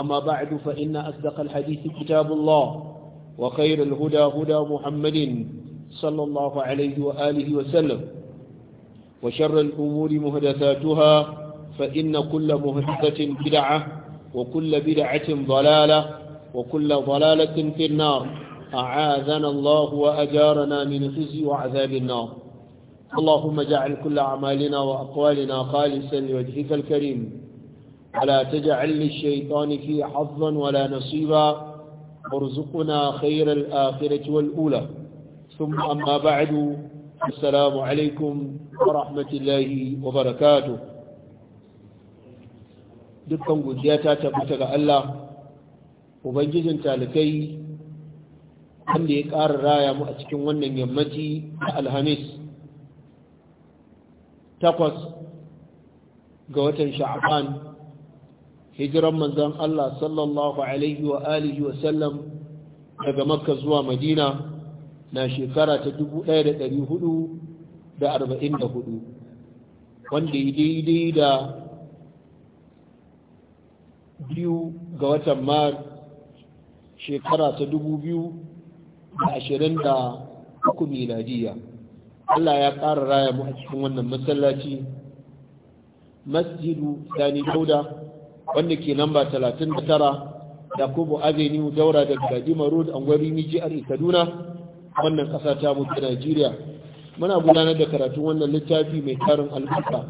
أما بعد فإن أصدق الحديث كتاب الله وخير الهدى هدى محمد صلى الله عليه وآله وسلم وشر الأمور مهدثاتها فإن كل مهدثة بدعة وكل بدعة ضلالة وكل ضلالة في النار أعاذنا الله وأجارنا من خزي وعذاب النار اللهم جعل كل أعمالنا وأقوالنا خالصا لوجهك الكريم ولا تجعل للشيطان في حظا ولا نصيبا وارزقنا خير الآخرة والأولى ثم أما بعد السلام عليكم ورحمة الله وبركاته dukkan godiya ta tabbata ga Allah ubangijin talikai wanda ya ƙara raya mu a cikin wannan yammaci na alhamis takwas ga watan sha'ban hijiran manzan Allah sallallahu alaihi wa alihi wa sallam daga makka zuwa madina na shekara ta 1444 wanda yi daidai da biyu ga watan mar shekara ta 2023 miladiya Allah ya ƙara raya mu a cikin wannan masallaci masjidu sani dauda wanda ke namba 39 yakubu avenue daura daga gadima road an gwari miji a kaduna wannan kasa ta mutu ta najeriya muna gudanar da karatun wannan littafi mai tarin albarka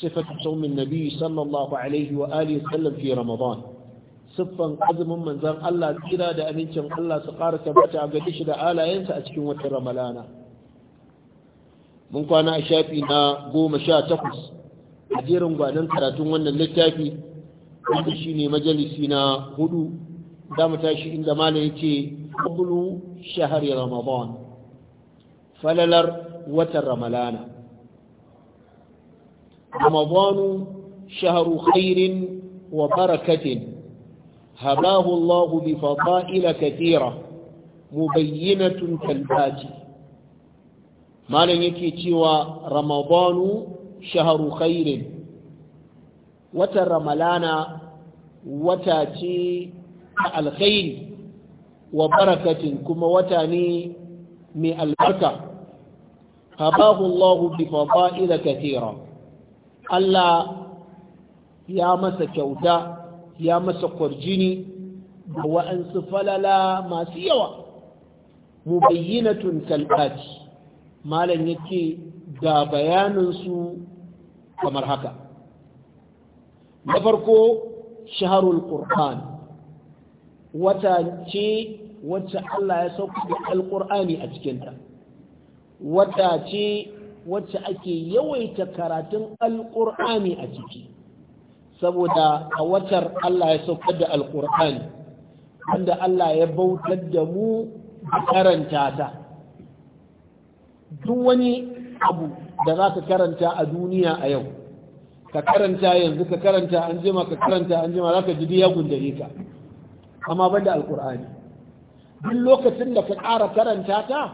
sifatu saumin nabi sallallahu alaihi wa alihi sallam fi ramadan siffan azumin manzon Allah tsira da amincin Allah su ƙara tabbata a gadi shida da alayensa a cikin watan ramalana mun kwana a shafi na goma sha takwas a jerin gwanon karatun wannan littafi wanda shi ne majalisi na hudu tashi inda malam ya ce ƙulu shahari ramadan falalar watan ramalana ramadanu shaharu khairin wa barakatin habahu allahu bi fada'ila katira mubayyinatun kalbaji malam yake cewa ramadanu shaharu khairin watan ramalana wata ce ta alkhairi wa barakatin kuma wata ne mai albarka habahu Allah bi fada'ila kathira Allah ya masa kyauta ya masa kurjini da wa'ansu falala masu yawa mubayyinatun kalbati malam yake ga su kamar haka na farko shaharul qur'an wata ce wacce Allah ya sauka da alqur'ani a cikinta wata ce wacce ake yawaita karatun alqur'ani a ciki saboda a watar Allah ya saukar da alkur'ani wanda Allah ya bautar da mu karanta ta duk wani abu da za ka karanta a duniya a yau ka karanta yanzu ka karanta an jima ka karanta an jima za ka ji ya gundare ka amma ban da alkur'ani duk lokacin da ka ƙara karanta ta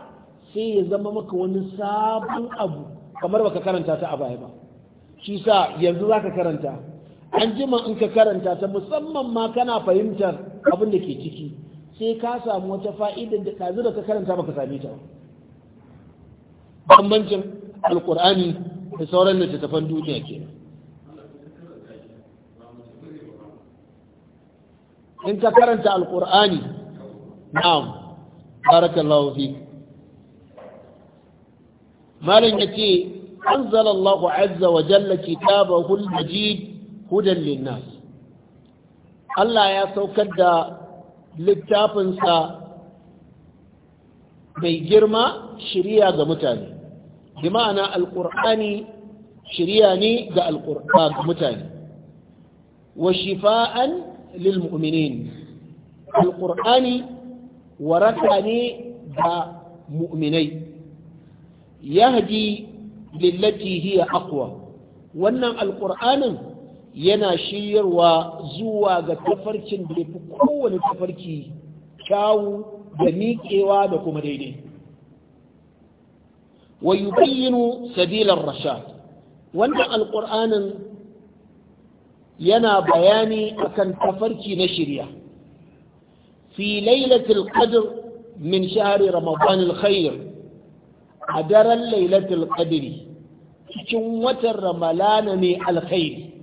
sai ya zama maka wani sabon abu kamar baka karanta ta a baya ba shi sa yanzu za ka karanta an jima in ka karanta ta musamman ma kana fahimtar abin da ke ciki sai ka samu wata fa'idar da ɗazu da ka karanta baka same ta bambancin alkur'ani da sauran littattafan duniya kenan in ka karanta alkur'ani na'am barakallahu fi malam yace anzalallahu Allah azza wa jalla kitabahu al-majid hudan lin-nas Allah ya saukar da littafinsa mai girma shiriya ga mutane bi ma'ana alqur'ani shiriya ne ga alqur'ani ga mutane wa shifa'an للمؤمنين القرآن ورثني مؤمني يهدي للتي هي أقوى وأن القرآن yana shiryarwa zuwa ga tafarkin da ya fi kowane tafarki kyawu da miƙewa da kuma daidai wa yubayyinu sabilan rasha? wannan alƙur'anin yana bayani akan tafarki na shirya fi lailatul qadr min shahri ramadan alkhair a daren lailatul qadri cikin watan ramalana ne alkhairi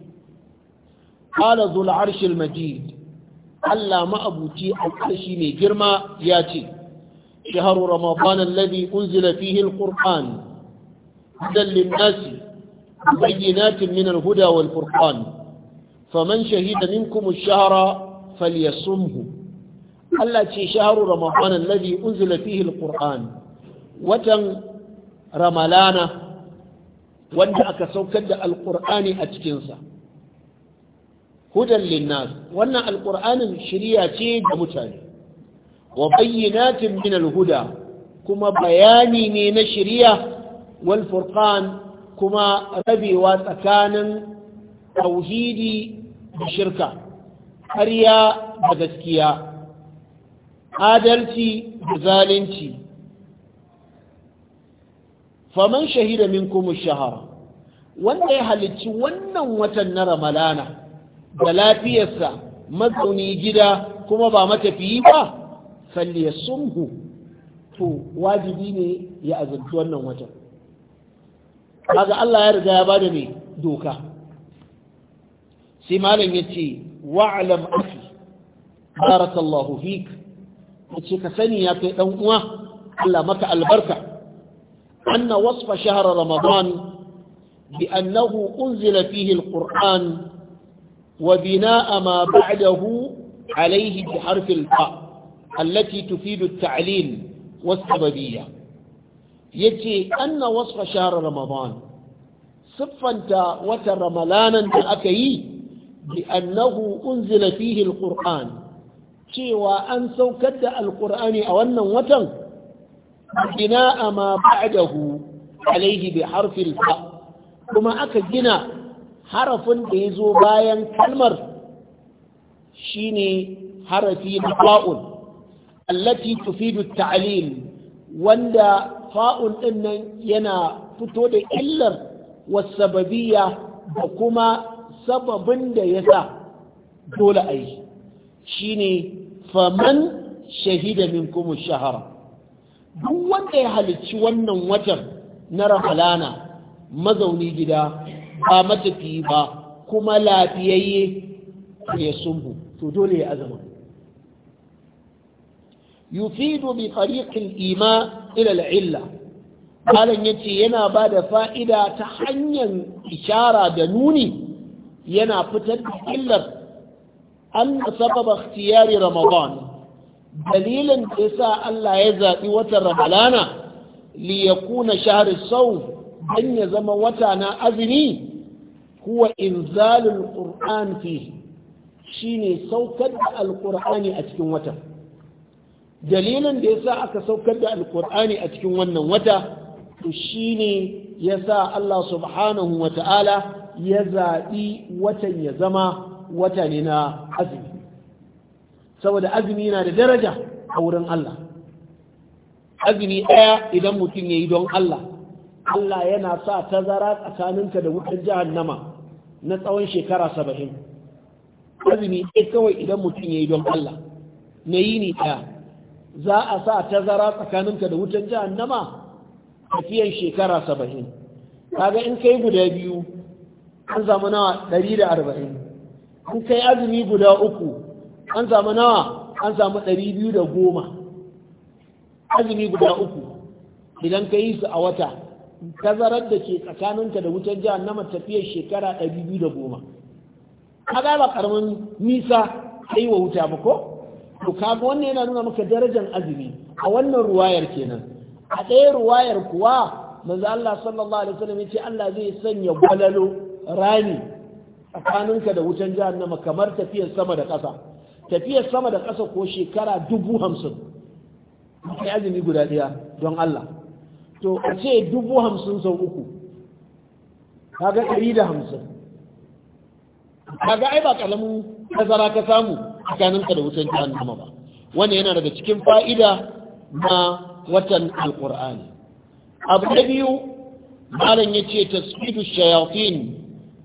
qala zul arsh almajid Allah ma'abuci alƙarshi mai girma ya ce shaharu ramadan alladhi unzila fihi alquran hudan lin-nasi bayyinatin min al-huda wal-furqan faman shahida minkum ash-shahra falyasumhu Allah ce shahru ramadan alladhi unzila fihi al-qur'an watan ramalana wanda aka saukar da al-qur'ani a cikin sa hudan linnas wannan al-qur'anin shiriya ce ga mutane wa bayyinatin min al-huda kuma bayani ne na shiriya wal furqan kuma rabewa tsakanin tauhidi da shirka ƙarya da gaskiya adalci da zalunci faman shahida min minkum shahara wanda ya halicci wannan watan na ramalana da lafiyarsa mazauni gida kuma ba matafiyi ba falle sunhu to wajibi ne ya azanci wannan watan kaga Allah ya riga ya bada ne doka sai malam yace wa'lam akhi barakallahu fik yace ka sani ya kai dan uwa Allah maka albarka anna wasfa shahr ramadan bi annahu unzila fihi alquran wa binaa ma ba'dahu alayhi bi harf alfa التي تفيد التعليل والسببية يجي Ramadan. Siffanta wata رمضان صفنت aka yi? bi annahu unzila fihi alquran cewa an saukar da alqur'ani a wannan watan bina ma ba'dahu alaihi bi harfil kuma aka gina harafin da ya zo bayan kalmar shine harafi na fa'un allati tufidu ta'lil wanda fa'un ɗin nan yana fito da illar wasababiyya da kuma sababin da ya sa dole a yi shi ne faman shahida min kuma shahara duk wanda ya halicci wannan watan na rahalana mazauni gida ba matafi ba kuma lafiyayye ya sumbu to dole ya azama yufidu bi fariƙin ima ila al'illa halin yace yana ba da fa'ida ta hanyar ishara da nuni yana fitar da illar an sababa ikhtiyari ramadan dalilin da yasa Allah ya zaɓi watan ramalana li yakuna shahri sawm dan ya zama wata na azumi huwa inzalul qur'an fi shine saukar da alqur'ani a cikin wata Dalilan da yasa aka saukar da alqur'ani a cikin wannan wata to shine yasa Allah subhanahu wa ta'ala ya zaɓi watan ya zama wata ne na azumi saboda azumi yana da daraja a wurin Allah azumi ɗaya idan mutum ya yi don Allah Allah yana sa tazara tsakaninka da wutar jahannama na tsawon shekara saba'in azumi ɗaya kawai idan mutum ya yi don Allah na yi ni ɗaya za a sa tazara tsakaninka da wutar jahannama tafiyan shekara saba'in kaga in kai guda biyu an zama nawa ɗari da arba'in An kai azumi guda uku an zama nawa an samu ɗari biyu da goma azumi guda uku idan ka yi su a wata tazarar da ke tsakaninka da wutar na tafiyar shekara ɗari biyu da goma Ka gaba karamin nisa yi wa wuta ba ko to kaga wannan yana nuna maka darajar azumi a wannan ruwayar kenan a ɗaya ruwayar kuwa manzo Allah sallallahu alaihi wasallam yace Allah zai sanya gwalalo rami tsakaninka da wutan jahannama kamar tafiyar sama da ƙasa tafiyar sama da ƙasa ko shekara dubu hamsin mafi azumi guda ɗaya don Allah to a ce dubu hamsin sau uku kaga ɗari da hamsin kaga ai ba ƙaramin tazara ka samu tsakaninka da wutan jahannama ba wannan yana daga cikin fa'ida na watan alƙur'ani abu na biyu malam ya ce tasfidu shayatin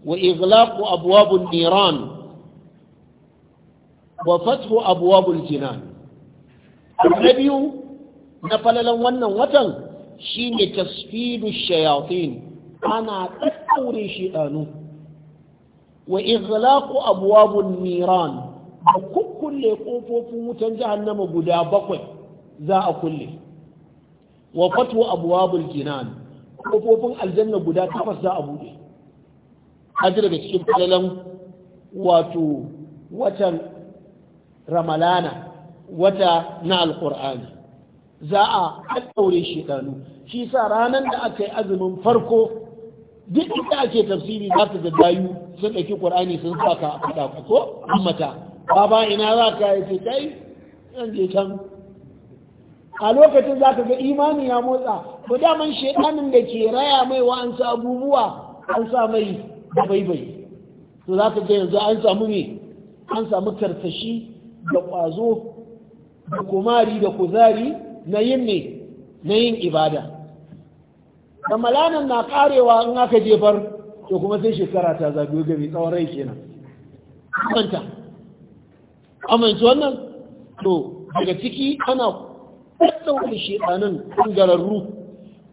وإغلاق أبواب النيران وفتح أبواب الجنان النبي نفل لنا وطن شين تسفيد الشياطين أنا أتوري شئان وإغلاق أبواب النيران وكل قفوف متنجهنم قدا بقوي ذا كله وفتح أبواب الجنان قفوف الجنة قدا تفس ذا أبوه an daga cikin falalan wato watan ramalana wata na alkur'ani za a ɗaure shekaru shi sa ranar da aka yi azumin farko duk inda ake tafsiri za ta zaddayu sun ɗauki ƙur'ani sun saka a faɗa ko ammata baba ina za ka yi ce kai zan je can a lokacin za ka ga imani ya motsa ba daman shekanin da ke raya mai sa abubuwa an sa mai da baibai to za ka ga yanzu an samu ne an samu karkashi da ƙwazo da kumari da kuzari na yin ne na yin ibada da malanan na karewa in aka jefar to kuma sai shekara ta zagayo gabi tsawon rai kenan amanta amince wannan to daga ciki ana ɗaɗɗaukar sheɗanin ƙangararru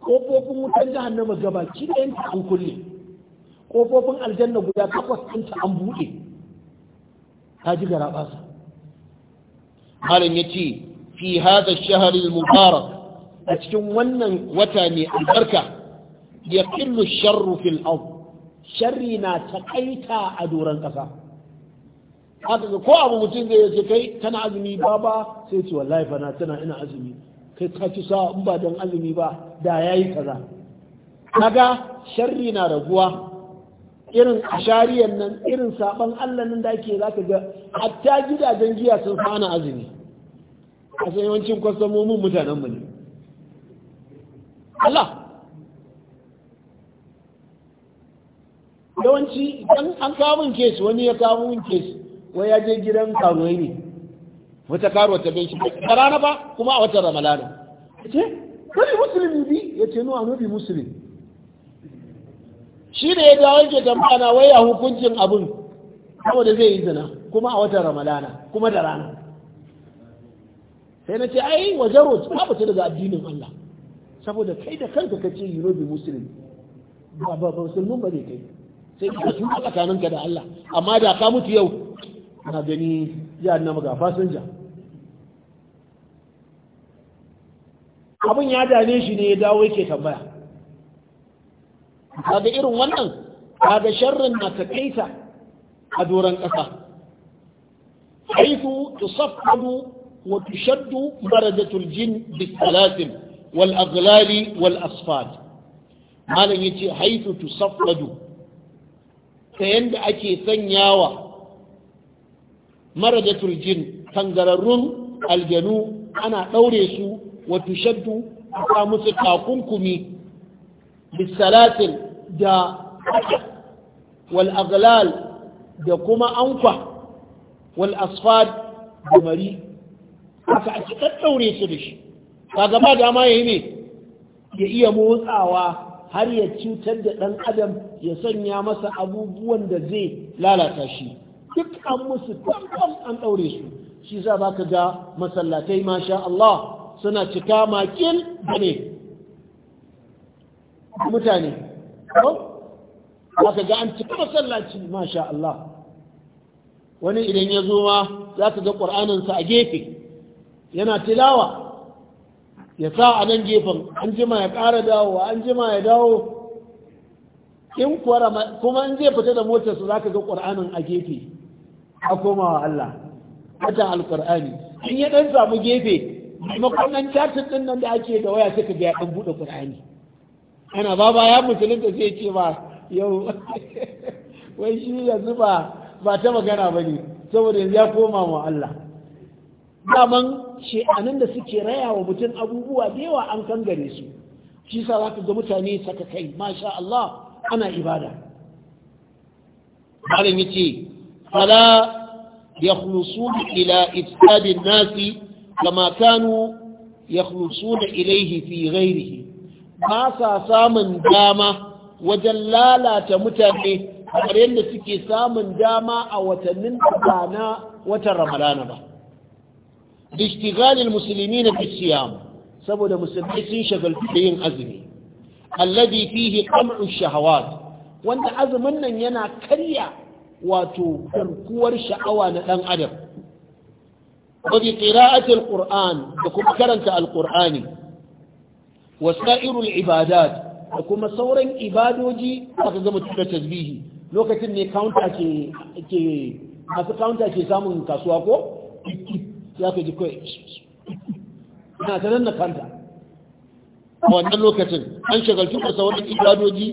ƙofofin wutan jihannama gaba ki ɗayan an kulle kofofin aljanna guda takwas ɗinta an buɗe ta ji gara su malam ya ce fi hada shaharil mubarak a cikin wannan wata ne albarka ya killu sharru fil ard sharri na takaita a doron ƙasa haka ko abu mutum zai ce kai tana azumi ba ba sai ce wallahi fa na tana ina azumi kai ka ci sa in ba don azumi ba da yayi kaza kaga sharri na raguwa irin ashariyan nan irin saban Allah nan da ake za ka ga hatta gidajen giya sun fana azumi a san yawancin kwastomomin mutanenmu ne Allah yawanci idan an mun kesu wani ya mun kesu wai ya je gidan karuwai ne wata karuwa ta bai shi rana ba kuma a watan ramadana ce kari musulmi bi ya ce no a musulmi shi da ya dawo yake tambaya na waya hukuncin abin saboda zai yi zina kuma a watan ramadana kuma da rana sai na ce ai wajen rot ba ce daga addinin Allah saboda kai da kanka ka ce yiro bi musulmi ba ba musulmin ba ne kai sai ka su a ka da Allah amma da ka mutu yau na gani ya na ga fasinja abin ya dane shi ne ya dawo yake tambaya kaga irin wannan kaga sharrin na ta kaita a doron ƙasa haitu tusaffadu wa tushaddu maradatul jin bisalatin wal aghlali wal asfad malam yace haitu tusaffadu ta yanda ake sanyawa maradatul jin tangararrun aljanu ana ɗaure su wa tushaddu a musu takunkumi bisalatin da wal da kuma ankwa wal asfad da mari haka ake daddaure su da shi kaga ba dama yayi ne ya iya motsawa har ya cutar da ɗan adam ya sanya masa abubuwan da zai lalata shi duk an musu tamtam an ɗaure su shi za ba ka ga masallatai masha Allah suna cika makil da ne mutane ko aka ga an cika masallaci masha Allah wani idan ya zo ma za ka ga ƙur'aninsa a gefe yana tilawa ya sa a nan gefen an jima ya ƙara dawowa an jima ya dawo in kuma in zai fita da motarsa za ka ga ƙur'anin a gefe a komawa Allah wata alƙur'ani in ya ɗan samu gefe maimakon ɗan catin ɗin nan da ake da waya suka biya ya ɗan buɗe ƙur'ani ana baba ya musulunta sai ce ba yau wai shi yanzu ba ba ta magana ba ne saboda yanzu ya koma wa Allah daman she'anin da suke raya wa mutum abubuwa da yawa an gare su shi sa za ga mutane saka kai masha Allah ana ibada malam ce fala khulusu ila ifsadin nasi kama kanu khulusu ilaihi fi ghairihi ba sa samun dama wajen lalata mutane kamar yadda suke samun dama a watannin da na watan ramadana ba Musulmi na bisiyam saboda musulmai sun shagaltu da yin azumi alladhi fihi qam'u shahawat wanda azumin nan yana karya wato garkuwar sha'awa na dan adam wa bi qira'ati alquran da kuma karanta alqur'ani wasa'irul ibadat da kuma sauran ibadoji aka zama tuka tasbihi lokacin ne counter ke ke masu counter ke samun kasuwa ko ya ka ji kawai na ta nan na kanta a wannan lokacin an shagaltu da sauran ibadoji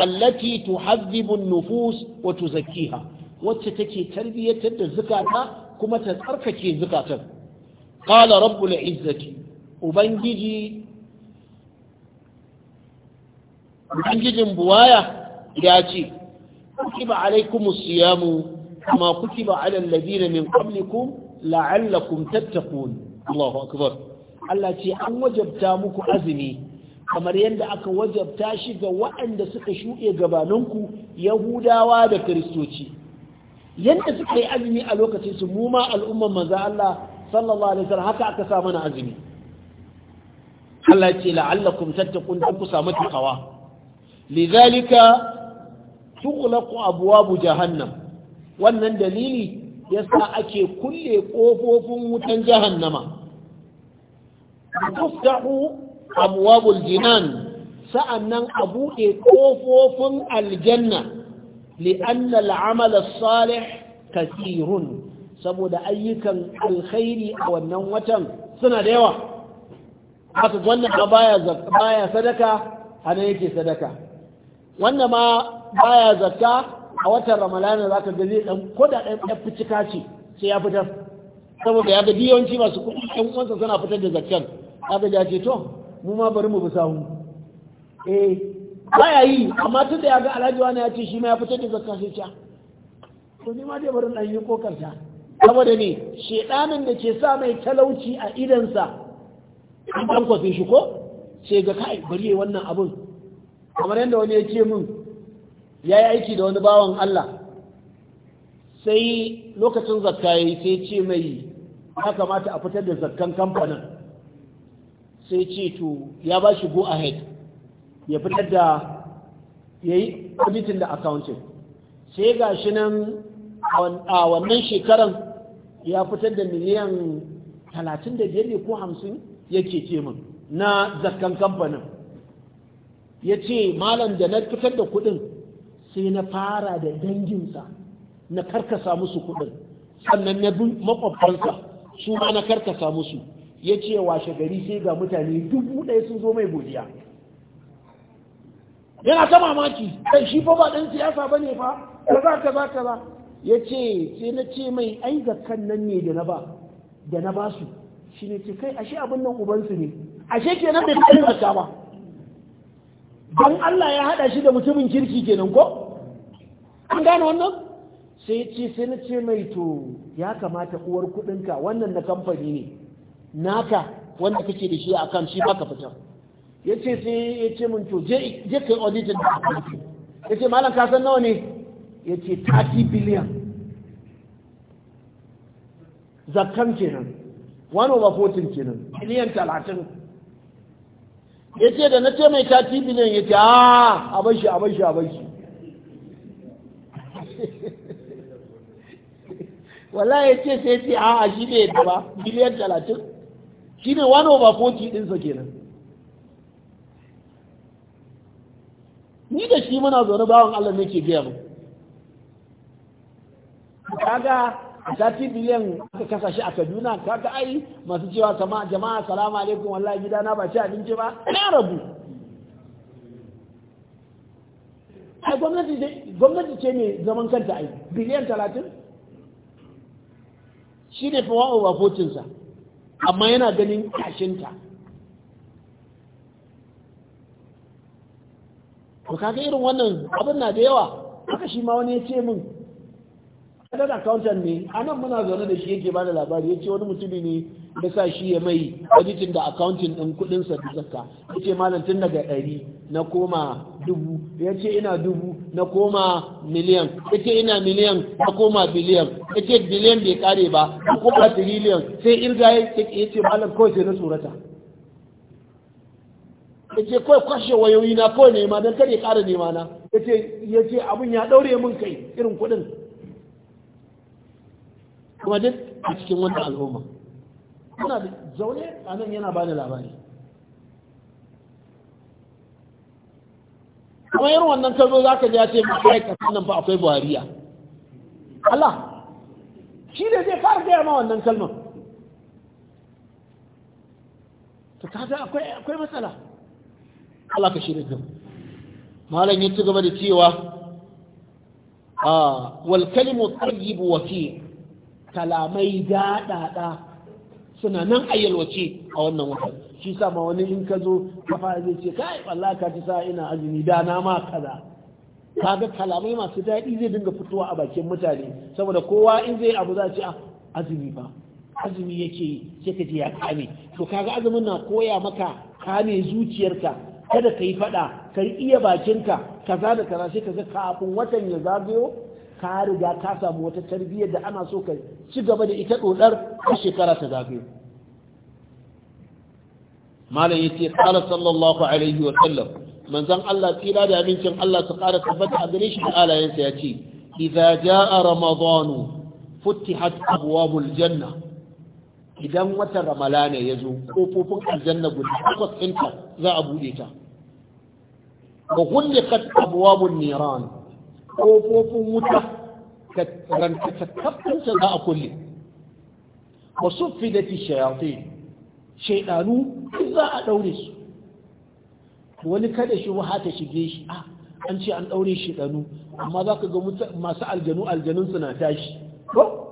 allati tuhazzibu nufus wa tuzakkiha wacce take tarbiyyatar da zukata kuma ta tsarkake zukatan qala rabbul izzati ubangiji ubangijin buwaya ya ce kutiba alaikum siyamu kama kutiba ala alladhina min qablikum la'allakum tattaqun Allahu akbar Allah ce an wajabta muku azumi kamar yadda aka wajabta shi ga waɗanda suka shuɗe gabaninku Yahudawa da Kiristoci yadda suka yi azumi a lokacin su mu ma al'umman manzo Allah sallallahu alaihi wasallam haka aka sa mana azumi Allah ce la'allakum tattaqun dan ku samu takawa lidhalika tughlaqu abwabu jahannam wannan dalili yasa ake kulle kofofin wutan jahannama tuftahu abwabul jinan sa'annan a buɗe kofofin aljanna li'anna al'amal as-salih kathirun saboda ayyukan alkhairi a wannan watan suna da yawa haka wannan baya sadaka ana yake sadaka wanda ma baya zata a watan Ramalana za ka ga zai ɗan ko da ɗan ficika ce sai ya fitar saboda ya ga yawanci masu kuɗi ɗan uwansa suna fitar da zakkan aka ga ce to mu ma bari mu bi sahu eh baya yi amma tun da ya ga alhaji wani ya ce shi ma ya fitar da zakka sai ca ah, to ni ma dai bari ɗan yi ta saboda ne shedanin da ke sa mai talauci a idansa an kwafe shi ko sai ga kai bari wannan abun kamar yadda wani ya ce min ya yi aiki da wani bawan Allah sai lokacin zakka ya yi sai ce mai ya kamata a fitar da zakkan kamfanin sai ce to ya ba shi go ahead ya fitar da ya yi auditing da accounting sai ga shi nan a wannan shekaran ya fitar da miliyan 35 ne ko 50 yake ce min na zakkan kamfanin ya ce malam da na fitar da kuɗin sai na fara da danginsa na karkasa musu kuɗin sannan na bin makwabtansa su ma na karkasa musu ya ce washe gari sai ga mutane dubu ɗaya sun zo mai godiya yana ta mamaki kai shi fa ba ɗan siyasa ba ne fa kaza kaza kaza ya ce sai na ce mai ai ga kan nan ne da na ba da na ba su shi ne ce kai ashe abin nan ubansu ne ashe kenan bai kai zakka ba don Allah ya haɗa shi da mutumin kirki kenan ko an gane wannan sai ce sai na ce mai to ya kamata uwar kuɗinka wannan na kamfani ne naka wanda kake da shi a kan shi baka fitar ya ce sai ya ce min to je kai auditin da aka ya ce malam kasan nawa ne ya ce 30 biliyan zakkan kenan 1 over 14 kenan biliyan talatin. ya ce da na ce mai tibi ne ya ce ah, a bar shi a bar shi a bar shi wala ya ce sai ce a a shi ne yadda ba biliyan talatin shi ne wani over forty ɗinsa kenan ni da shi muna zaune bawan Allah ke biya mu kaga a sati biliyan aka kasa shi a kaduna kaga ai masu cewa kama jama'a salamu alaikum wallahi na ba ci abinci ba na rabu ai gwamnati ce mai zaman kanta ai biliyan talatin shi ne fawa over fotinsa amma yana ganin kashinta ko ga irin wannan abin na da yawa haka shi ma wani ya ce min ɗan accountant ne a nan muna zaune da shi yake bada labari ya ce wani mutumi ne ya sa shi ya mai budgeting da accounting din kudinsa sa da zakka ce malam tun daga ɗari na koma dubu ya ce ina dubu na koma miliyan ya ce ina miliyan na koma biliyan ya ce biliyan bai kare ba na koma triliyan sai irga ce malam kawai sai na surata ce kawai kwashe wayoyi na kawai nema don kare kara nema na yace ce abun ya daure min kai irin kudin kuma duk a cikin wanda al'umma yana da zaune a nan yana ba da labari kuma yin wannan kazo za ka ji ya ce kai nan fa akwai buhariya Allah shi ne zai fara gaya ma wannan kalmar ta kaga akwai matsala Allah ka shirin gaba malam ya ci gaba da cewa ah, wal kalimu tayyibu waki kalamai daɗaɗa suna nan ayyalwace a wannan watan shi sama wani in ka zo kafa zai ce kai wallah ka ci sa ina azumi da na ma kaza kaga kalamai masu daɗi zai dinga fitowa a bakin mutane saboda kowa in zai abu za ce a ah, azumi ba azumi yake sai ka ji ya kame to kaga azumin na koya maka kame zuciyarka kada ka yi faɗa ka iya bakinka kaza da kaza sai ka ga kafin watan ya zagayo ka riga ka samu wata tarbiyyar da ana so ka ci gaba da ita dodar a shekara ta zagayo malam yace qala sallallahu alaihi wa sallam manzon Allah tsira da abincin Allah su ƙara tabbata a gare shi da alayensa ya ce idza jaa ramadanu futihat abwabul janna idan watan ramalana ya zo kofofin aljanna guda takwas ɗinta za a buɗe ta wa kulliqat abwabun niran ƙofofin wuta ka rantaka kafinsa za a kulle wa suffi da fi shayatai shaidanu za a ɗaure su wani kada shi waha ta shige shi a ah, an ce an ɗaure shaidanu amma za ka ga masu aljanu aljanun suna tashi ko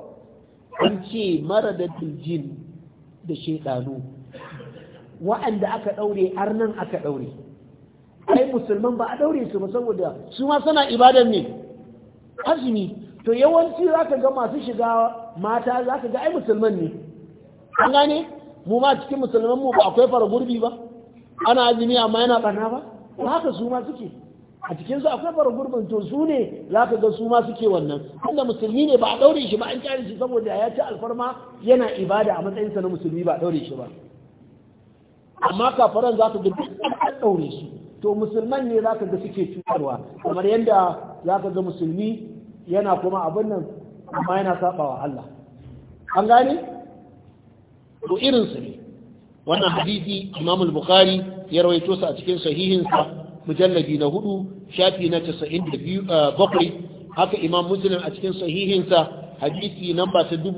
an ce mara da jin da shaidanu wa'anda aka ɗaure arnan aka ɗaure ai musulman ba a daure su ba saboda su ma suna ibadan ne azumi to yawanci zaka ga masu shiga mata zaka ga ai musulman ne an gane mu ma cikin musulman mu ba akwai fara gurbi ba ana azumi amma yana bana ba haka su ma suke a cikin su akwai fara gurbin to su ne zaka ga su ma suke wannan inda musulmi ne ba a daure shi ba an kyale shi saboda ya ci alfarma yana ibada a matsayinsa na musulmi ba a daure shi ba amma kafaran za ta ga duk an daure su to musulman ne zaka ga suke cutarwa kamar yadda zaka ga musulmi yana kuma abin nan amma yana sabawa Allah an gane to irin su ne wannan hadisi Imam al-Bukhari ya rawaito sa a cikin sahihin sa mujalladi na hudu shafi na 97 eh, haka Imam Muslim a cikin sahihin sa hadisi namba ta 1079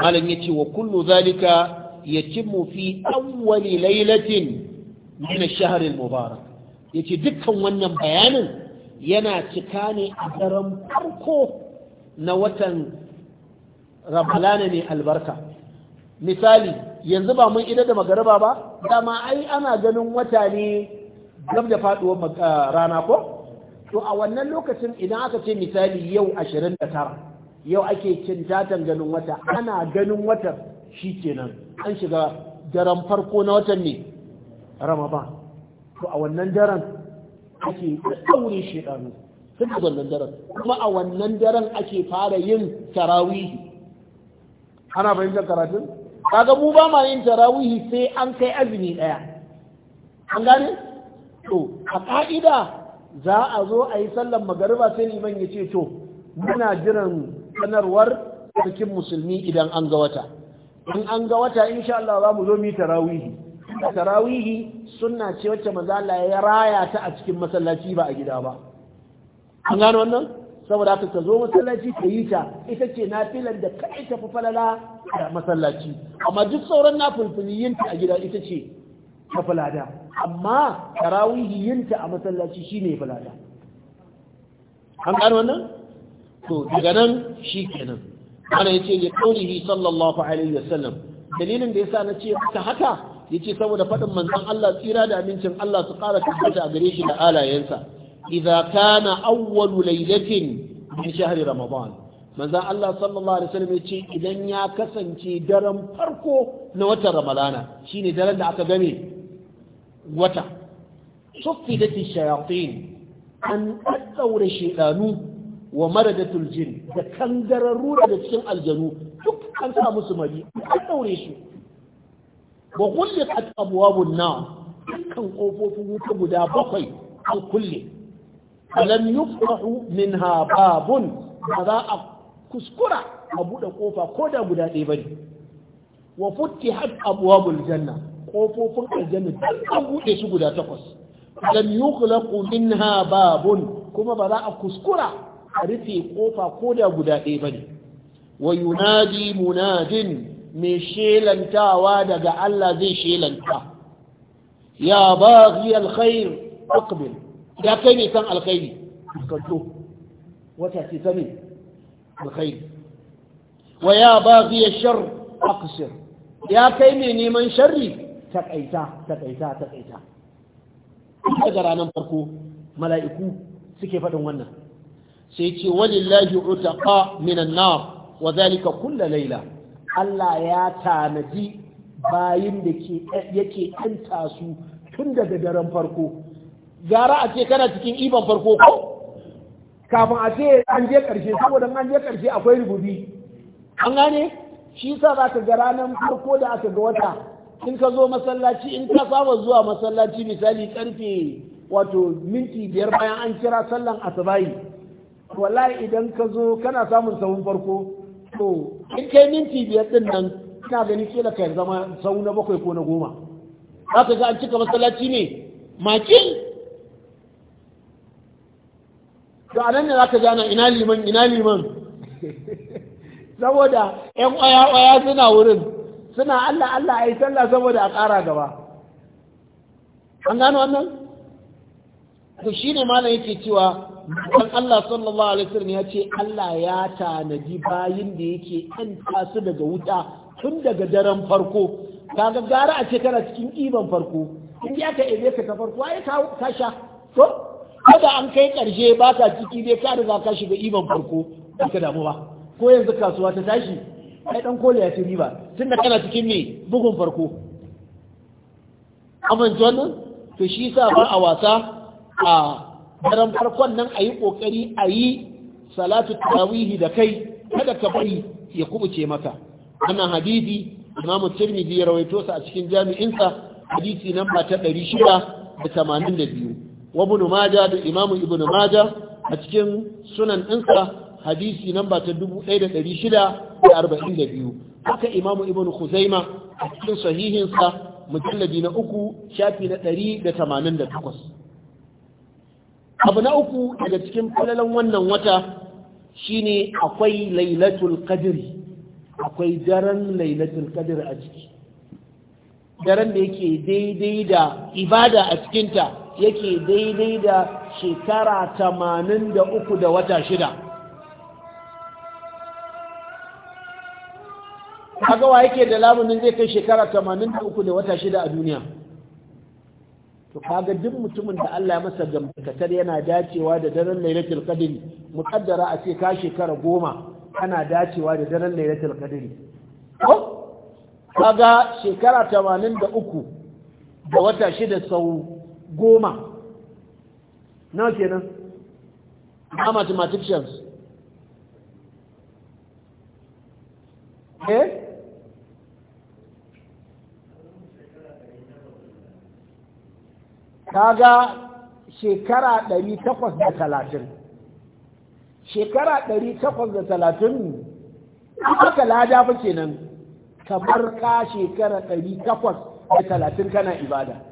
malam yace wa kullu zalika يتم في أول ليلة من الشهر المبارك يتي دكا وانا بيانا ينا تكاني أدرم أركو نوتا ne, البركة مثالي yanzu ba mu ida da magaraba ba dama ai ana ganin wata ne da faduwar rana ko to a wannan lokacin idan aka ce misali yau 29 yau ake cin tatan ganin wata ana ganin wata shikenan an shiga daren farko na watan ne ramadan to a wannan daren ake tsauri shekaru, sun da wannan daren kuma a wannan daren ake fara yin tarawihi ana fahimtar karatun kaga mu ba ma yin tarawihi sai an kai azumi daya an gane to a ka'ida za a zo a yi sallan magariba sai liman ya ce to muna jiran sanarwar sarkin musulmi idan an ga wata in an ga wata insha Allah za mu zo mu tarawihi tarawihi sunna ce wacce manzo Allah ya raya ta a cikin masallaci ba a gida ba an gano wannan saboda haka ka zo masallaci ka yi ta ita ce nafilan da kai ta falala a masallaci amma duk sauran nafilfili yin ta a gida ita ce ta falada amma tarawihi yin ta a masallaci shine falada an gano wannan to daga nan shikenan ana yace ya qaulihi sallallahu alaihi wasallam dalilin da yasa na ce haka ya yace saboda fadin manzon Allah tsira da amincin Allah su ƙara tabbata a gare shi da alayensa idza kana awwalu laylatin min shahri ramadan manzon Allah sallallahu alaihi wasallam yace idan ya kasance daren farko na watan ramadana shine daren da aka game wata sufidati shayatin an ɗaɗɗaure shaidanu wa maradatul turjin da kangararru da cikin aljanu duk an sa musu mari an daure su wa kullat abwabun kofofin wuta guda bakwai an kulle alam min ha babun ba za a kuskura a buɗe kofa ko da guda ɗaya bane wa futtihat abwabul janna kofofin aljanna duk an buɗe su guda takwas lam min ha babun kuma ba za a kuskura a rufe kofa ko da guda ɗaya ba ne wa yunadi munadin mai shelantawa daga Allah zai shelanta ya ba ghi alkhair aqbil ya kai ne san alkhairi kanto wata ce sani alkhair alkhairi wa ya ba ghi ashar aqsir ya kai ne neman sharri takaita takaita takaita daga ranar farko mala'iku suke faɗin wannan sai ce walillahi utaqa minan nar wa zalika kullu layla Allah ya tanadi bayin da ke yake kanta su tun daga daren farko gara a ce kana cikin iban farko ko kafin a ce an je karshe saboda an je karshe akwai rububi an gane shi sa za ka ga ranar farko da aka ga wata in ka zo masallaci in ka saba zuwa masallaci misali karfe wato minti biyar bayan an kira sallan Asabayi. wallahi idan ka zo kana samun sahun farko to in kai minti biyar din nan ina gani kila kayan zama sahu na bakwai ko na goma za ka ga an cika masallaci ne maki to anan ne za ka gana ina liman ina liman saboda yan waya-waya suna wurin suna allah allah a yi sallah saboda a ƙara gaba an gano wannan to shine ne malam yake cewa Kan Allah sallallahu alaihi wasallam ya ce Allah ya tanadi bayin da yake an tasu daga wuta tun daga daren farko kaga gara a ce cikin iban farko in ya ka ebe ka ta farko ai ka sha to kada an kai karshe ba ka ciki dai ka riga ka shiga iban farko ba ka damu ba ko yanzu kasuwa ta tashi ai dan kole ya ci riba da kana cikin me bugun farko amma wannan to shi sa ba a wasa a daren farkon nan a yi ƙoƙari a yi salatu tarawihi da kai kada ka bari ya kubuce maka ana hadisi imamu tirmidhi ya rawaito sa a cikin jami'insa hadisi ba ta 682 wa ibn majah da imamu ibn majah a cikin sunan ɗinsa hadisi ba ta 1642 haka imamu ibn khuzaima a cikin sahihinsa mujalladi na uku shafi na 188 abu na uku daga cikin falalan wannan wata shine akwai lailatul qadri akwai daren lailatul qadri a ciki daren da yake daidai da ibada a cikinta yake daidai da shekara tamanin da uku da wata shida kaga wa yake da lamunin zai kai shekara tamanin da uku da wata shida a duniya to kaga duk mutumin da Allah ya masa gambatar yana dacewa da daren lailatul qadri muqaddara a ce ka shekara goma ana dacewa da daren lailatul qadri ko kaga shekara 83 da wata shida sau goma nawa kenan a mathematicians eh kaga shekara ɗari takwas da talatin shekara ɗari takwas da talatin aka lada ba kenan kamar ka shekara ɗari da talatin kana ibada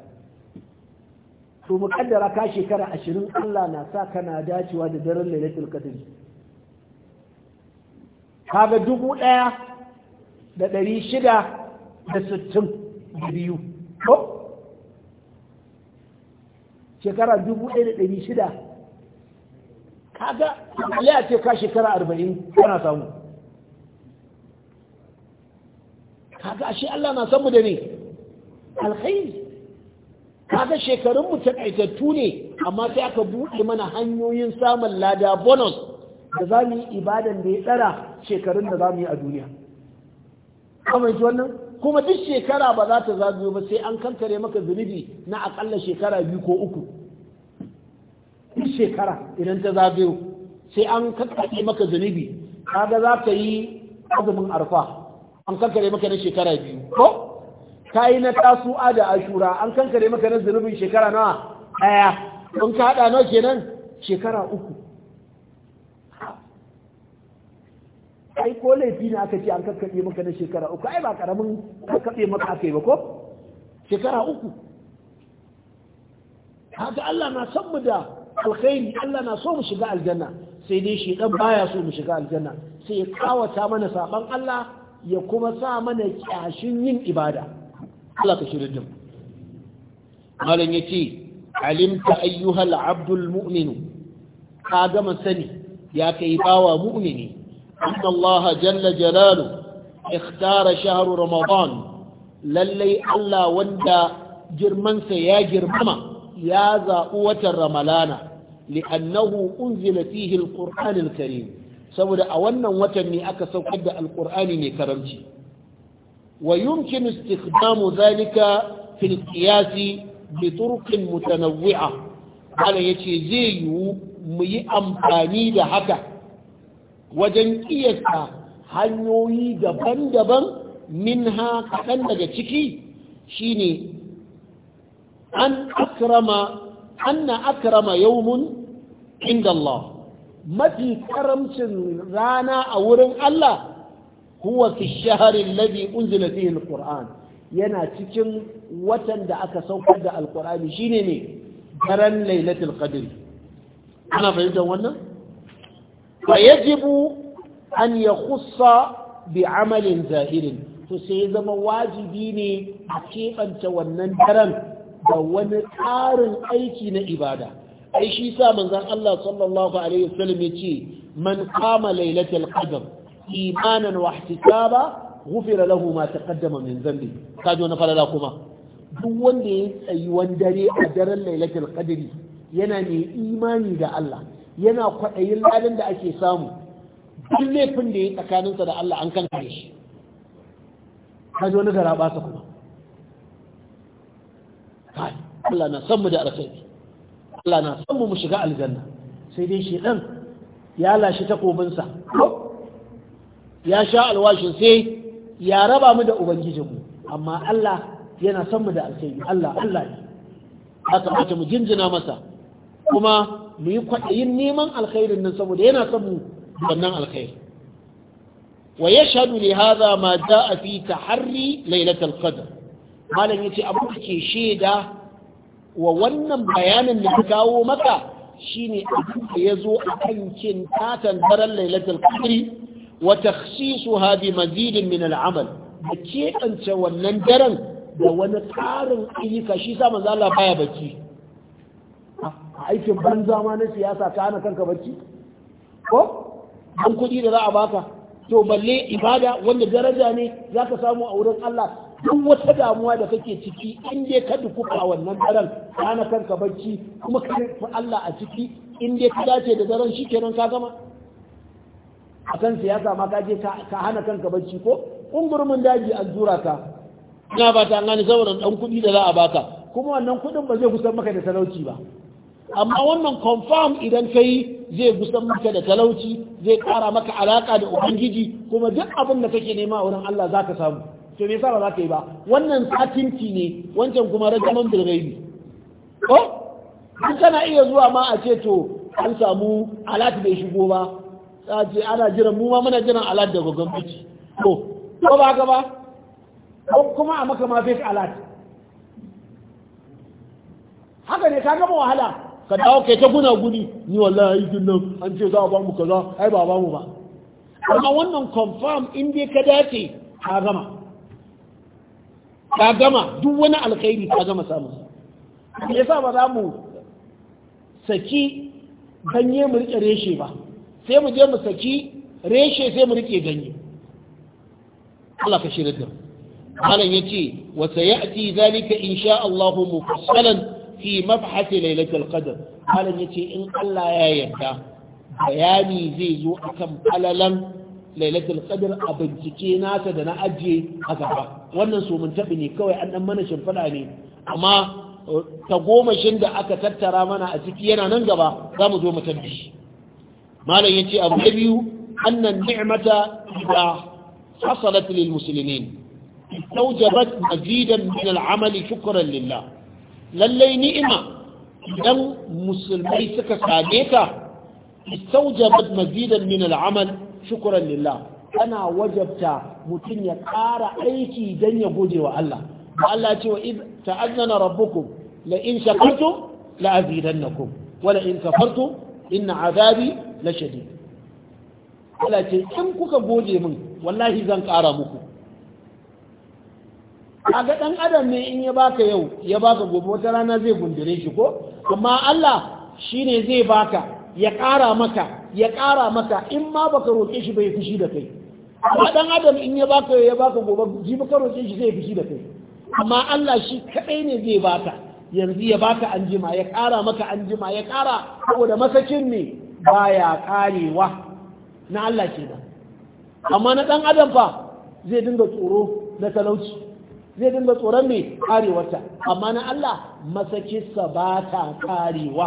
to mu ka shekara ashirin Allah na sa kana dacewa da daren lailatul qadr kaga dubu ɗaya da ɗari shida da sittin da biyu shekara dubu ɗaya da ɗari shida kaga alai a ce ka shekara arba'in kana samu kaga ashe Allah na san mu da ne alkhairi kaga shekarun mu takaitattu ne amma sai aka buɗe mana hanyoyin samun lada bonus da za mu yi ibadan da ya tsara shekarun da za mu yi a duniya ji wannan kuma duk shekara ba za ta zagayo ba sai an kankare maka zunubi na akalla shekara biyu ko uku duk shekara idan ta zagayo sai an kankare maka zunubi kaga za ka yi azumin arfa an kankare maka na shekara biyu ko ka yi na tasu'a da ashura an kankare maka na zunubin shekara nawa ɗaya don ka haɗa nawa kenan shekara uku ai ko laifi ne aka ce an kakkaɓe maka na shekara uku ai ba ƙaramin kakkaɓe maka aka yi ba ko shekara uku haka Allah na san mu da alkhairi Allah na so mu shiga aljanna sai dai shi dan baya so mu shiga aljanna sai ya kawata mana sabon Allah ya kuma sa mana kyashin yin ibada Allah ka shirin din malam yace alimta ayyuhal abdul mu'min ka gama sani ya kai bawa mu'mini أن الله جل جلاله اختار شهر رمضان للي ألا وندا جرمان سيا جرمما يا زاقوة الرملانة لأنه أنزل فيه القرآن الكريم saboda a wannan watan ne aka saukar da alkur'ani mai karamci wa yumkin istikhdamu zalika fil qiyasi bi turuqin mutanawwi'a ala yace zai yiwu mu yi amfani da haka wajen ƙiyasta hanyoyi daban-daban minha kaɗan daga ciki shine an akrama anna akrama yawmun inda Allah mafi karamcin rana a wurin Allah huwa fi shaharin ladhi unzila fihi alquran yana cikin watan da aka saukar da alqurani shine ne daren lailatul qadr ana fahimtar wannan fayajibu an ya kusa bi amalin zahirin to sai zama wajibi ne a keɓanta wannan daren da wani tsarin aiki na ibada ai shi sa manzon Allah sallallahu alaihi wasallam yace man qama lailatul qadr imanan wa ihtisaba lahuma lahu ma taqaddama min na kaji falala kuma duk wanda ya tsayi wani dare a daren lailatul qadri yana ne imani da Allah yana kwaɗayin ladin da ake samu duk laifin da ya tsakaninsa da Allah an kankare shi ji wani gara ba sa kuma Allah na san mu da alkhairi Allah na san mu mu shiga aljanna sai dai shi dan ya lashi takobinsa ya sha alwashin sai ya raba mu da ubangijinmu amma Allah yana san mu da alkhairi Allah Allah ne haka mu jinjina masa kuma mu yi kwaɗayin neman alkhairin nan saboda yana son mu wannan alkhairi wa sha li hadha ma a fi taharri lailatul qadr malam yace abu ke shaida wa wannan bayanin da ka kawo maka shine abin da yazo akan cin tatan daren lailatul qadri wa takhsisuha bi mazid min amal da keɓance wannan daren da wani tsarin ayyuka shi sa manzo Allah baya bacci a aikin banza ma na siyasa ka hana kanka bacci ko an kuɗi da za a baka to balle ibada wanda daraja ne za ka samu a wurin Allah duk wata damuwa da kake ciki in dai ka duku a wannan daren ka hana kanka bacci kuma ka fi Allah a ciki in dai ka dace da daren shi kenan ka gama a kan siyasa ma ka ka hana kanka bacci ko ungurmin daji an zura ka ina ba ta gani saboda dan kuɗi da za a baka kuma wannan kuɗin ba zai kusan maka da talauci ba amma wannan confirm idan ka yi zai gusan maka da talauci zai kara maka alaka da ubangiji kuma duk abin da kake nema a wurin Allah za ka samu to me yasa ba za ka yi ba wannan satinti ne wancan kuma ragaman bilgaibi ko an kana iya zuwa ma a ce to an samu alat bai shigo ba ta ce ana jiran mu ma muna jiran alat gogon gwamnati ko ko ba ka ba ko kuma a maka ma fake alat haka ne ka gama wahala ka dawo kai ta guna guni ni wallahi aikin nan an ce za a bamu kaza ai ba bamu ba amma wannan confirm in dai ka dace ka gama ka gama duk wani alkhairi ka gama samu me yasa ba za mu saki ganye mu rike reshe ba sai mu je mu saki reshe sai mu rike ganye Allah ka shirya da malam yace wa sayati zalika insha Allah mufassalan fi mabhasi lailatul qadr malam yace in Allah ya yarda bayani zai zo akan falalan lailatul qadr a bincike nasa da na ajiye a gaba wannan so mun tabi ne kawai an dan mana shimfiɗa ne amma uh, ta gomashin da aka tattara mana a ciki yana nan gaba za mu zo mu tabbi malam yace abu na biyu annan ni'mata idha hasalat lil muslimin استوجبت مزيدا من العمل شكرا لله lallai ni'ima idan musulmai suka same ta istaujabat mazidan min al'amal shukran lillah ana wajabta mutum ya ƙara aiki don ya gode wa Allah Allah ce wa ta'azzana rabbukum la in shakartum la azidannakum wa la in kafartum inna azabi la shadid Allah ce in kuka gode min wallahi zan ƙara muku kaga dan adam ne in ya baka yau ya baka gobe wata rana zai gundure shi ko amma Allah shine zai baka ya ƙara maka ya ƙara maka in ma baka roƙe shi bai fushi da kai amma dan adam in ya baka ya baka gobe jibi ka roƙe shi zai fushi da kai amma Allah shi kadai ne zai baka yanzu ya baka anjima ya ƙara maka anjima ya ƙara saboda masakin ne baya ƙarewa na Allah kenan amma na dan adam fa zai dinga tsoro na talauci zai dinga tsoron mai ta amma na Allah masakinsa ba ta karewa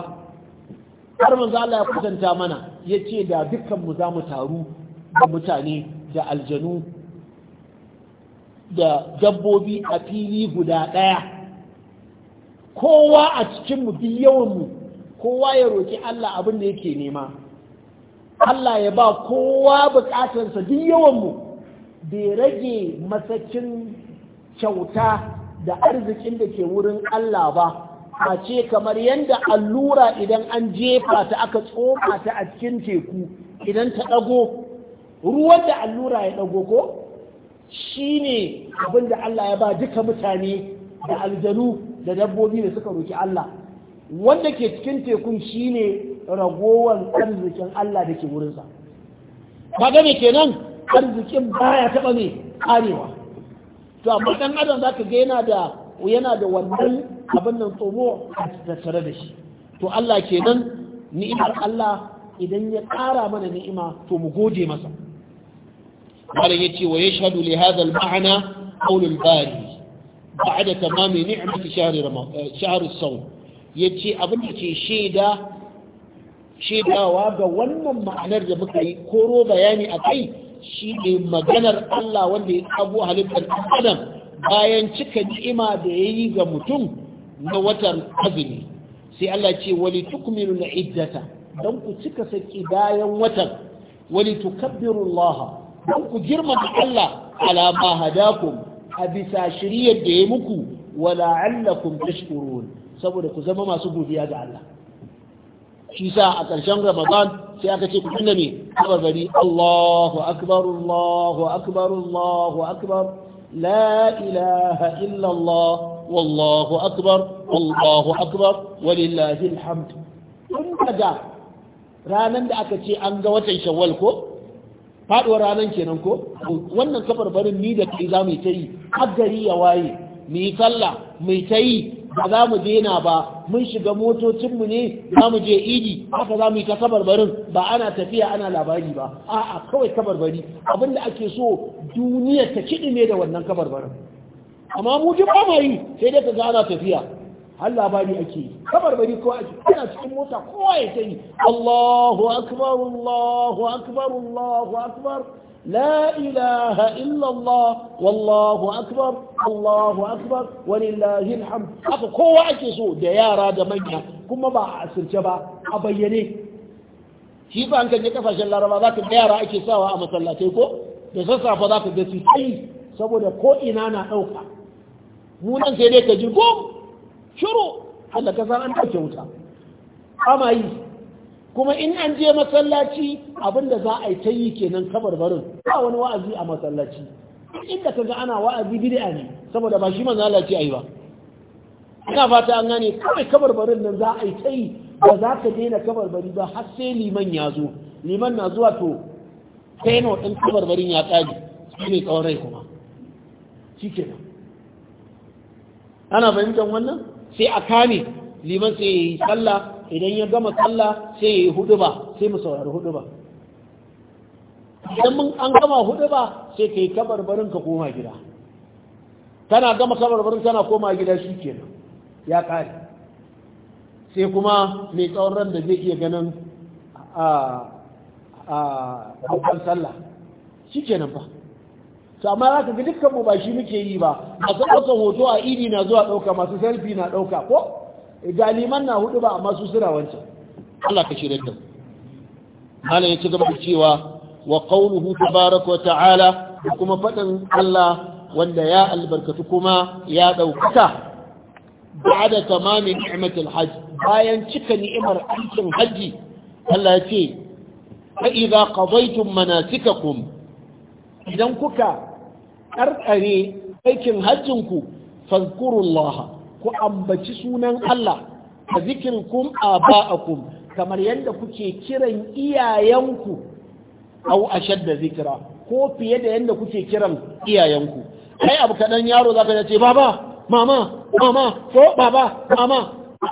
har manzo Allah ya kusanta mana ya ce da dukkanmu za mu taru da mutane da aljanu da dabbobi a fili guda ɗaya kowa a cikinmu bi yawanmu kowa ya roƙi Allah abin da yake nema Allah ya ba kowa bukatarsa duk yawanmu bai rage masakin kyauta da arzikin da ke wurin Allah ba a ce kamar yadda allura idan an jefa ta aka tsoma ta a cikin teku idan ta ɗago ruwan da allura ya ɗago ko shi ne abin da Allah ya ba duka mutane da aljanu da dabbobi da suka roki Allah wanda ke cikin tekun shi ne ragowar arzikin Allah da ke wurinsa. Ba gane kenan arzikin baya taɓa ne karewa. to amma dan adam zaka ga yana da yana da wannan abin nan tsoro a tattare da shi to Allah kenan ni'imar Allah idan ya ƙara mana ni'ima to mu gode masa malam yace wa yashhadu li hadha al-ma'na qawl al-bari ba'da tamami ni'mati shahr eh, shahr as-sawm yace abin da ke shaidawa ga wannan ma'anar da muka koro bayani a kai shi ne maganar Allah wanda ya abu halittar adam bayan cika ni'ima da ya yi ga mutum na watan azumi sai Allah ce wali tukmilu na iddata don ku cika saki bayan watan wali tukabbiru Allah don ku girma da Allah ala ma hadakum a bisa shiriyar da ya muku wala allakum tashkurun saboda ku zama masu godiya ga Allah shi sa a ƙarshen ramadan sai aka ce ku tuna me kabari Allahu akbar Allahu akbar Allahu akbar la ilaha illallah. Allah wallahu akbar Allahu akbar walillahi alhamd kun daga ranan da aka ce an ga watan shawwal ko faduwar ranan kenan ko wannan kafar barin ni da kai za mu yi ta yi ya waye mu yi sallah mu yi ta yi ba za mu dena ba mun shiga motocinmu ne za mu je idi haka za mu yi ta kabarbarin ba ana tafiya ana labari ba a'a kawai kabarbari abinda ake so duniya ta kiɗi ne da wannan kabarbarin amma mu duk ba yi sai dai ka ga ana tafiya har labari ake yi kabarbari ko ake ana cikin mota kowa ya sani Allahu akbar Allahu akbar Allahu akbar لا إله إلا الله والله أكبر الله أكبر ولله الحمد أبو كوا أكيسو ديارة دمية كما با سرجبا أبيني shi fa an kanje kasashen laraba za ka yara ake sawa a masallatai ko da sassafa za ka ga saboda ko ina na ɗauka munan sai dai ka ji gom shiru Allah an ɗauke wuta kuma in an je masallaci abinda za a yi ta yi kenan kabarbarin ba wani wa'azi a masallaci inda ka ga ana wa'azi bid'a ne saboda ba shi manzo Allah ce ayi ba ina fata an gane kawai kabarbarin nan za a yi ta yi ba za ka daina kabarbari ba har sai liman ya zo liman na zuwa to kai nawa ɗin kabarbarin ya tsage shi ne tsawon rai kuma shi kenan ana fahimtar wannan sai a kame liman sai ya yi sallah idan ya gama sallah sai ya yi ba, sai mu saurari ba, idan mun an gama ba, sai ka yi kabarbarin ka koma gida tana gama kabarbarin tana koma gida shi kenan ya kare sai kuma mai tsawon ran da zai iya ganin a babban sallah shi kenan ba to amma za ka ga dukkanmu ba shi muke yi ba masu ɗaukar hoto a idi na zuwa ɗauka masu selfie na ɗauka ko galiman na hudu ba amma su suna wancan Allah ka shirye da Allah ya ci gaba da cewa wa qawluhu tabaaraka wa ta'ala kuma fadan Allah wanda ya albarkatu kuma ya daukaka ba'da tamamin ni'matul hajj bayan cika ni'imar aikin haji Allah ya ce fa idza qadaytum manasikakum idan kuka ɗarɗare aikin hajjinku fadhkurullaha ku ambaci sunan Allah a ka a aba'akum kamar yadda kuke kiran iyayenku au ashadda zikira ko fiye da yadda kuke kiran iyayenku ai abu kaɗan yaro zaka ce baba mama mama ko baba mama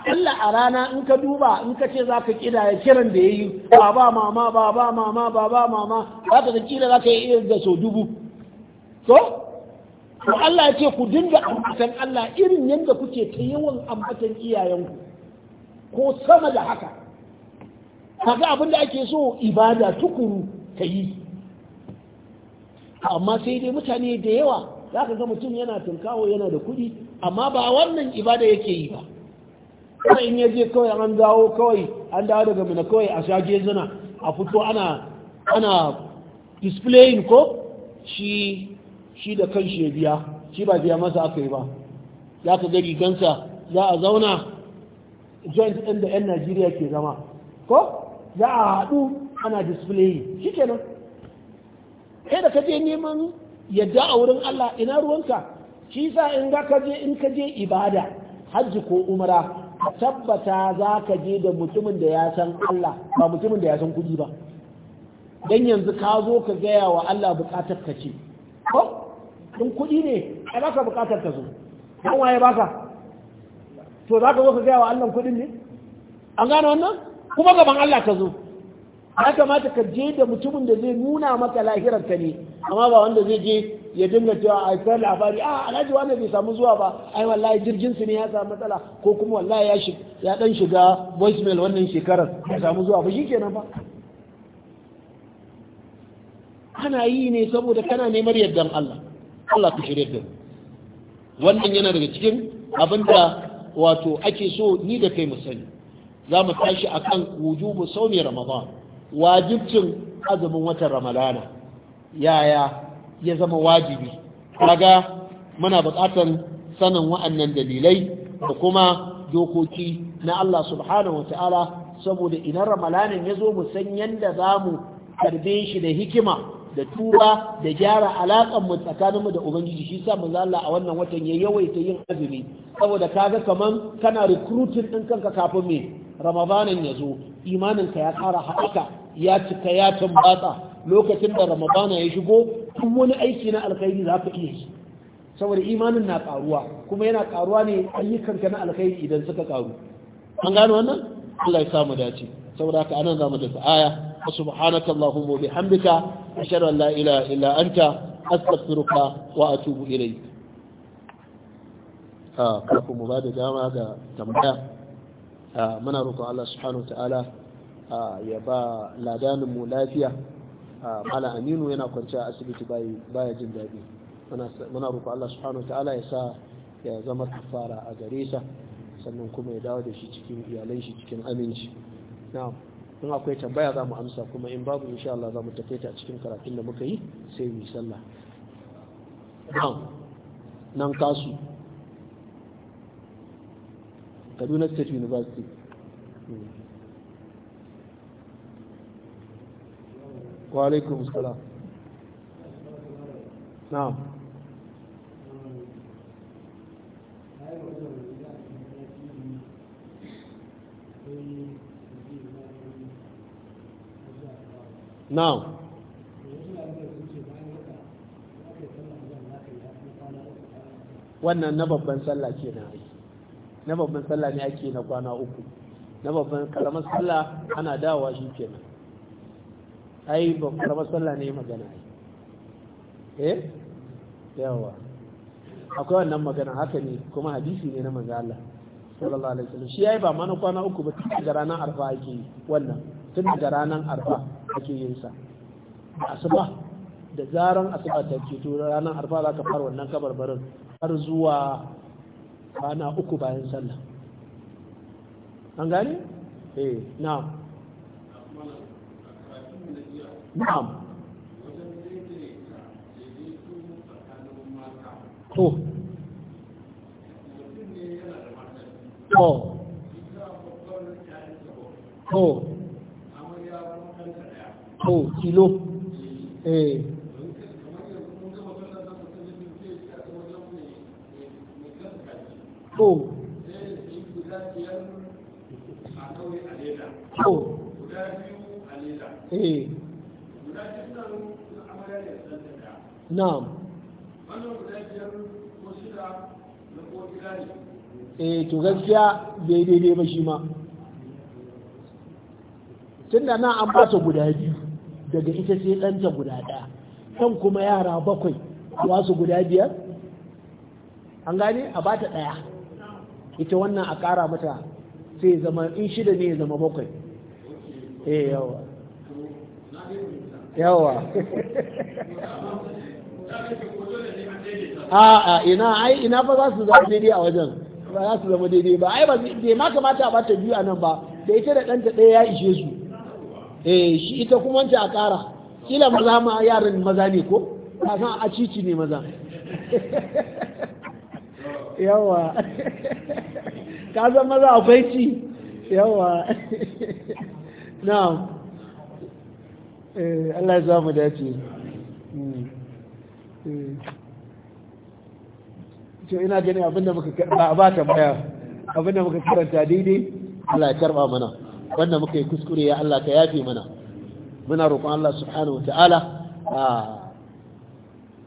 Allah a rana in ka duba in ka ce za ka kida ya kiran da ya yi baba mama baba mama baba mama za ka kira za ka yi da so dubu so to Allah ya ce ku dinga ambatan Allah irin yadda kuke ta yawan ambatan iyayenku ko sama da haka kaga abin da ake so ibada tukuru ka yi amma sai dai mutane da yawa za ka ga mutum yana tunkawo yana da kuɗi amma ba wannan ibada yake yi ba kuma in ya je kawai an dawo kawai an dawo daga mina kawai a shage zina a fito ana ana displaying ko shi shi da kan shi ya biya shi ba biya masa aka yi ba za ka gari gansa za a zauna joint ɗin da 'yan najeriya ke zama ko za a haɗu ana display shi nan kai da ka je neman yadda a wurin allah ina ruwanka shi sa in ga ka je in ka je ibada hajji ko umara a tabbata za ka je da mutumin da ya san allah ba mutumin da ya san kuɗi ba don yanzu ka zo ka gaya wa allah bukatar ka ce ko in kuɗi ne a za ka buƙatar ta zo ɗan waye ka to za ka zo ka gaya wa Allah kuɗin ne an gane wannan kuma gaban Allah ka zo ya kamata ka je da mutumin da zai nuna maka lahirar ka ne amma ba wanda zai je ya dinga cewa a isar labari a ah, alhaji wanda bai samu zuwa ba ai wallahi jirgin su ne ya samu matsala ko kuma wallahi ya shi ya dan shiga voicemail wannan shekarar ya samu zuwa ba shikenan ba ana yi ne saboda kana neman yardan Allah Allah ka shirya da wannan yana daga cikin abinda wato ake so ni da kai mu sani za mu tashi akan wujubu saumi ramadan wajibcin azumin watan ramadana yaya ya zama wajibi kaga muna buƙatar sanin wa'annan dalilai da kuma dokoki na Allah subhanahu wa ta'ala saboda idan ramalanin ya zo mu san yadda za mu karbe shi da hikima da tuba da gyara alaƙan mu tsakanin mu da ubangiji shi sa manzo Allah a wannan watan ya yawaita yin azumi saboda kaga kaman kana recruiting din kanka kafin me ramadanin ya zo imanin ka ya ƙara haɗaka ya cika ya tumbatsa lokacin da ramadana ya shigo tun wani aiki na alkhairi za ka iya saboda imanin na ƙaruwa kuma yana ƙaruwa ne ayyukanka na alkhairi idan suka ƙaru an gano wannan Allah ya samu dace saboda haka anan zamu da aya subhanakallahumma wa bihamdika ashhadu an la ilaha illa anta astaghfiruka wa atubu ilayk ah kafin mu bada dama ga tambaya muna roƙon Allah subhanahu ya ba ladanin mu lafiya mala aminu yana kwanciya asibiti baya jin daɗi muna roƙon Allah subhanahu ya sa ya zama fara a gare sa sannan kuma ya dawo da shi cikin iyalai shi cikin aminci in akwai tambaya za mu amsa kuma in babu insha Allah za mu tafi ta cikin karatun da muka yi sai mu sallah nan nan kasu Kaduna State University wa alaikum salam na'am now wannan na babban sallah ke na aiki na babban sallah ne ake na kwana uku na babban karamar sallah ana dawowa shi kenan ai babban karamar sallah ne magana ai eh yawa akwai wannan magana haka ne kuma hadisi ne na manzo Allah sallallahu alaihi wasallam shi yi ba mana kwana uku ba tun da ranar arfa ake wannan tun da ranar arfa ake yin sa da asuba da zaran asuba ta ke to ranar arfa za ka fara wannan kabarbarin har zuwa rana uku bayan sallah an gani? eh na'am na'am to Oh. tilo eh to eh na'am eh to gaskiya bai daidai ba shi ma tunda na an ba guda biyu daga ita sai ɗanta guda ɗaya kan kuma yara bakwai a wasu guda biyar an gane a ba ta ɗaya ita wannan a ƙara mata sai zama in shida ne ya zama bakwai eh yawa yawa a'a ina ai ina fa za su zama daidai a wajen ba za su zama daidai ba ai ba bai ma kamata a ta biyu a nan ba da ita da ɗanta ɗaya ya ishe su eh shi ita kuma ta ƙara kila maza ma yaran maza ne ko ka san a cici ne maza yawa ka san maza akwai ci yawa na'am eh, Allah ya mu dace hmm. eh. to ina gani abinda muka ba ba ta baya abinda muka karanta daidai Allah ya karba mana wanda muka yi kuskure ya Allah ka yafe mana muna roƙon Allah subhanahu ta'ala a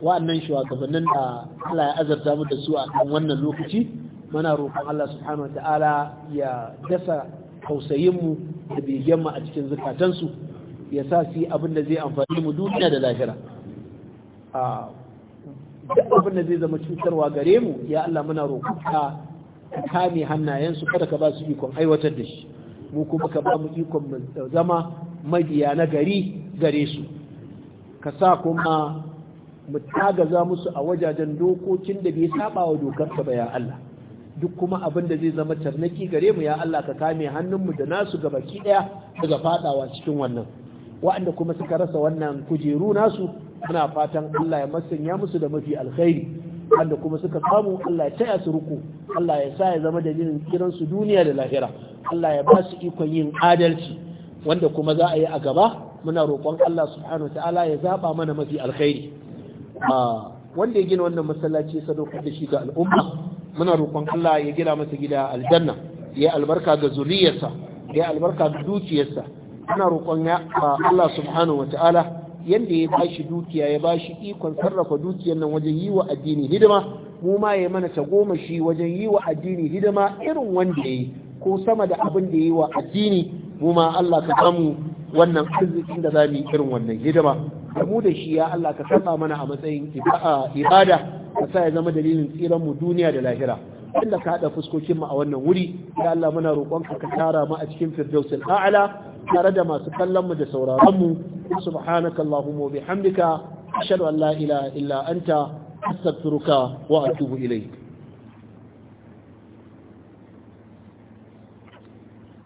wa'annan shugabannin da Allah ya azarta mu da su a kan wannan lokaci muna roƙon Allah subhanahu ta'ala ya dasa kausayin mu da begen mu a cikin su ya sa su abin da zai amfani mu duniya da lahira a duk abin da zai zama cutarwa gare mu ya Allah muna roƙon ka kame hannayensu kada ka ba su ikon aiwatar da shi mu kuma ka ba mu ikon mu zama mabiya na gari gare su ka sa kuma mu tagaza musu a wajajen dokokin da bai saba wa dokar ba ya Allah duk kuma abin da zai zama tarnaki gare mu ya Allah ka kame hannunmu da nasu ga baki daya daga fadawa cikin wannan wa'anda kuma suka rasa wannan kujeru nasu muna fatan Allah ya masanya musu da mafi alkhairi wanda kuma suka samu Allah ya taya su ruku Allah ya sa ya zama dalilin kiransu duniya da lahira Allah ya ba su ikon yin adalci wanda kuma za a yi a gaba muna roƙon Allah subhanahu ta'ala ya zaba mana mafi alkhairi wanda ya gina wannan masallaci sadaukar da shi ga al'umma muna roƙon Allah ya gina masa gida aljanna ya albarka ga zuriyarsa ya albarka ga dukiyarsa muna roƙon Allah subhanahu ta'ala yanda ya bashi dukiya ya bashi ikon sarrafa dukiyar nan wajen yi wa addini hidima mu ma ya mana tagomashi wajen yi wa addini hidima irin wanda ya yi ko sama da abin da yi wa addini mu ma Allah ka samu wannan arzikin da za mu yi irin wannan hidima da mu da shi ya Allah ka saba mana a matsayin ibada ka sa ya zama dalilin tsiran mu duniya da lahira Inda ka haɗa fuskokin mu a wannan wuri ya Allah muna roƙonka ka tara mu a cikin firdausul a'la tare da masu kallon mu da sauraron mu subhanaka allahumma bihamdika ashhadu an la ilaha illa anta astaghfiruka wa atubu ilayk